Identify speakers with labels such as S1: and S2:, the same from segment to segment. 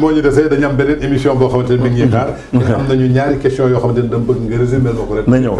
S1: moo ñu desee dañu am beneen émission boo xamante ne mi ngi ñuy xaar. te am nañu ñaari question yoo xamante ne dama bëgg nga résumé loo ko rek. na ñëw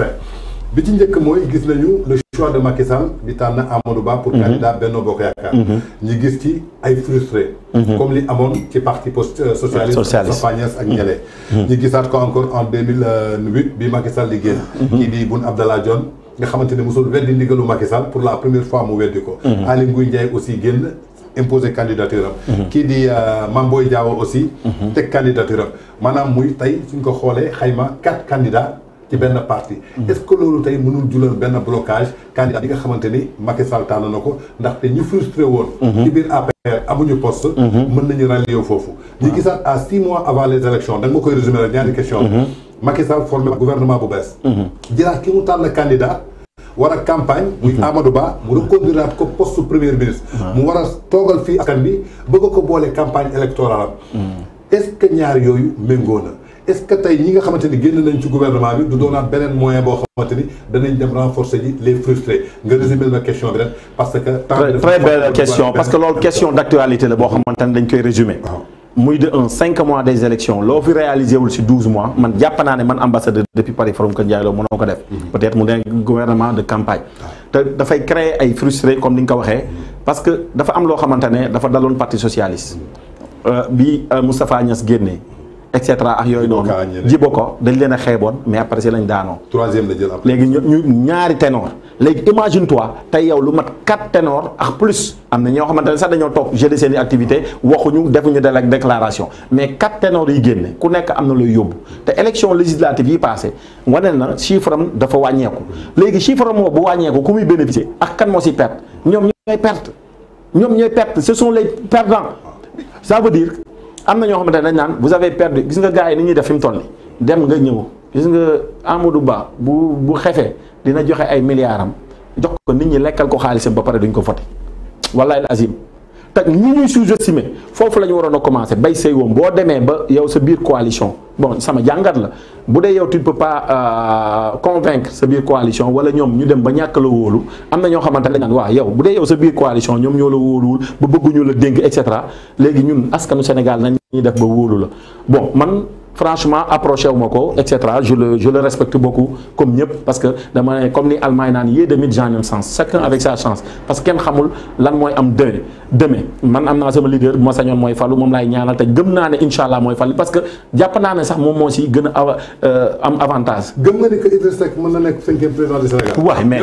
S1: bi ci njëkk mooy gis nañu le choix de Macky Sall bi tànn Amadou Ba. pour mhm. candidat Benno Bokk Yaakaar. Mhm. ñu gis ci ay frustré. Mhm. comme li amoon ci parti post euh, socialiste. socialiste Fapal ak ñele ñu gisaat ko encore en 2008 bi Macky Sall di génn. kii di Boun Abdallah Dionne nga xamante ne mosul weddi ndigalu Macky Sall pour la première fois mu weddi ko. Aly Ngouille aussi génn imposer candidature am. Mhm. kii di euh, Mame Mamboy Diao aussi. Mhm. teg candidature am maanaam muy tey suñ ko xolé xayma quatre candidats ci ben parti. Mhm. est-ce que lolu tay mënul jural ben blocage candidat yi nga xamante Macky Sall tan nako ndax té ñu frustré woon. ci bir APR amuñu poste. mën nañu rallier foofu. ñu gisaat à 6 mois avant les élections da ma koy résumer rek ñaari question Macky Sall formé gouvernement bu bees. jëlaat ki mu tan candidat wara campagne. muy mhm. Amadou Ba mu reconduire ko poste premier ministre. mu wara togal fi fii askan bi bëgg ko campagne électorale mhm. est-ce que ñaar yoyu méngoo est-ce que tay ñi nga xamanteni genn génn nañ ci gouvernement bi du doonaat benen moyen bo xamanteni ni danañ dem renforcer les frustrés nga résumer la question bi rek parce que. très belle question parce que loolu question
S2: d'actualité la bo xamante dañ koy résumer. Ah muy de un 5 mois des élections loo fi réalisé wul si douze mois man jàpp naa ne man ambassadeur depuis Paris Forum Kër Ndiaye Lo mënoo def. Mhm. peut-être mu nekk gouvernement de campagne. te dafay créer ay frustré comme ni nga ko waxee. parce que dafa am loo xamante ne dafa daloon parti socialiste. Mhm. euh, bi euh, Moustapha Niass génnee. et cetera ak yooyu noonu ji ko dañ leen a xeeboon mais après c'est lañ daanoo. troisième la jël après léegi ñu ñaari ténor imagine toi tay yow lu mat 4 ténor ak ah, plus amna ñoo xamantene dañoo top seen activité waxuñu defuñu déclaration mais 4 ténor yi ku nekk amna lay élection législative yi passé chiffre dafa chiffre bu bénéficier ak kan perte perte perte ce sont les perdants ça veut dire ñoo vous avez perdu gis gars def dem dina joxe ay milliards jox ko nit ñi lekkal ko xaalisam ba pare duñ ko voté wallahi azim tak ñi ñuy sous estimer fofu lañu ñu waroon commencé bay sey woom bo démé ba yow sa biir coalition bon sama jàngat la budé yow tu ne peux pas euh, convaincre sa biir coalition wala ñom ñu dem ba ñàkk la wóolu am na ñoo dañ naan waaw yow budé yow sa biir coalition ñom ñoo la wóoluwul ba ñu la dénk et cetera léegi ñun askanu Sénégal nañ ñi def ba wolu la bon man franchement approché au moko etc je le je le respecte beaucoup comme mieux parce que dama ne comme ni Allemagne naan yéen tamit genre même sens chacun avec sa chance parce que kenn xamul lan mooy am dëne demain man am naa sama leader bu ma sañoon fallu falu moom laay ñaanal te gëm inshallah ne fallu parce que jàpp naa ne sax moom moo si gën euh, am avantage.
S1: gëm nga ni que Idriss Seck mën na nekk cinquième président du Sénégal. waaw mais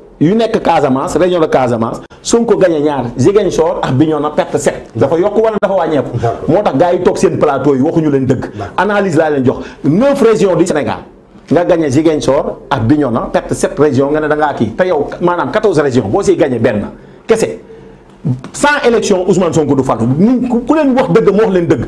S2: yu nekk Casamance région de Casamance Sonko gagné ñaar Ziguinchor ak na perte sept dafa yokk wala dafa wàññeeku moo tax gars yi toog seen plateau yi waxuñu leen dëgg analyse laa leen jox neuf régions du Sénégal nga gagné Ziguinchor ak na perte sept région nga ne da ngaa kii te yow maanaam quatorze régions boo siy gagné benn kese sans élection Ousmane Sonko du falu ku leen wax dëgg mu wax leen dëgg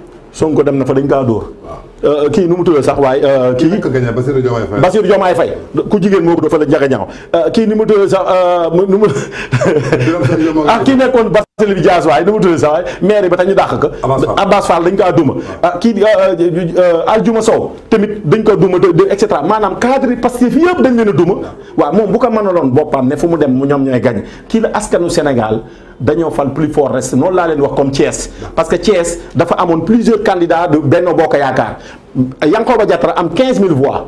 S2: Sonko dem na fa dañ kaa dóor. Euh, kii nu mu tudd sax waaye. Euh, kii kii Bassirou Diomaye Faye Bassirou Diomaye Faye ku jigéen moo ko dafa la jaga ñaaw kii ni mu tudd sax nu mu. Euh, ah kii nekkoon Bas. sëñ bi Dia waay nu mu tudd sax waay maire ba tax ñu dàq ko. Abbas Fall dañ kaa duma. Ah. Ah, kii di ah, Aljuma Sow tamit dañ ko duma et cetera maanaam cadre Pastef yëpp dañ leen a duma. waaw moom bu ko mënaloon boppam ne fu mu dem ñoom ñooy gañ kii la askanu Sénégal dañoo fal plus fort reste non laa leen wax comme Thiès. parce que Thiès dafa amoon plusieurs candidats de Benno Bokk Yaakaar Yankhoba Diattara am 15000 voix.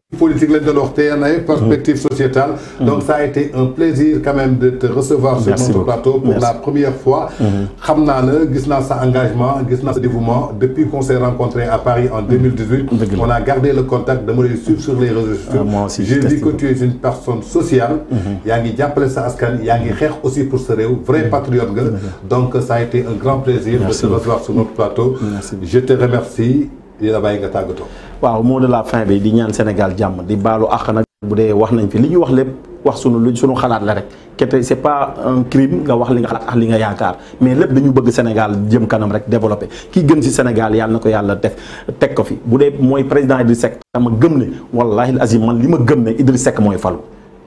S1: politique de doon on a yenn perspective sociétale mm-hmm. donc ça a été un plaisir quand même de te recevoir sur notre plateau pour la première fois Je mm-hmm. naa la sa engagement ce dévouement depuis qu'on s'est rencontré à Paris en 2018 mm-hmm. on a gardé le contact de lay sur les réseaux sociaux ah, j'ai vu que tu es une personne sociale yaa ngi jàppale sa askan ngi aussi pour ce vrai patriote donc ça a été un grand plaisir de te recevoir sur notre plateau
S2: je te remercie dina bàyyi nga tàggatoo. waaw moo de la fin bi di ñaan Sénégal jàmm di baalu àq nag bu dee wax nañ fi li ñu wax lépp wax sunu lu sunu xalaat la rek kete c'est pas un crime nga wax li nga xalaat ax li nga yaakaar mais lépp dañu bëgg Sénégal jëm kanam rek développé kii gën ci Sénégal yàlla na ko yàlla def teg ko fi bu dee mooy président Idriss Seck dama gëm ne wallaahi azim man li ma gëm ne Idriss Seck mooy falu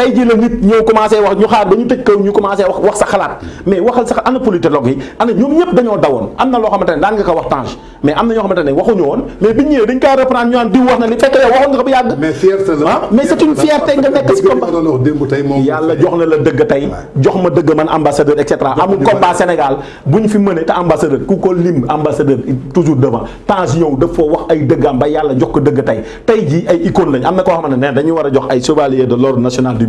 S2: tey jii la nit ñëw commencé wax ñu xaar ba ñu tëj kaw ñu commencé wax wax sa xalaat mais waxal sax ana am na loo xamante ne am na koo xamante ne dañu war a jox ay chevalier de l'ordre national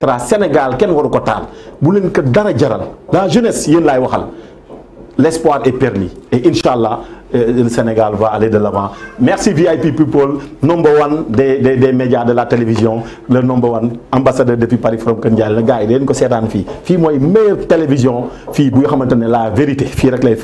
S2: tra Sénégal ken waru taal la jeunesse l'espoir est permis et inch'Allah euh, le Sénégal va aller de l'avant merci VIP people number one des médias de la télévision le number one ambassadeur depuis Paris From le le gars yi ko C'est fi meilleure télévision fi bu la vérité fi rek lay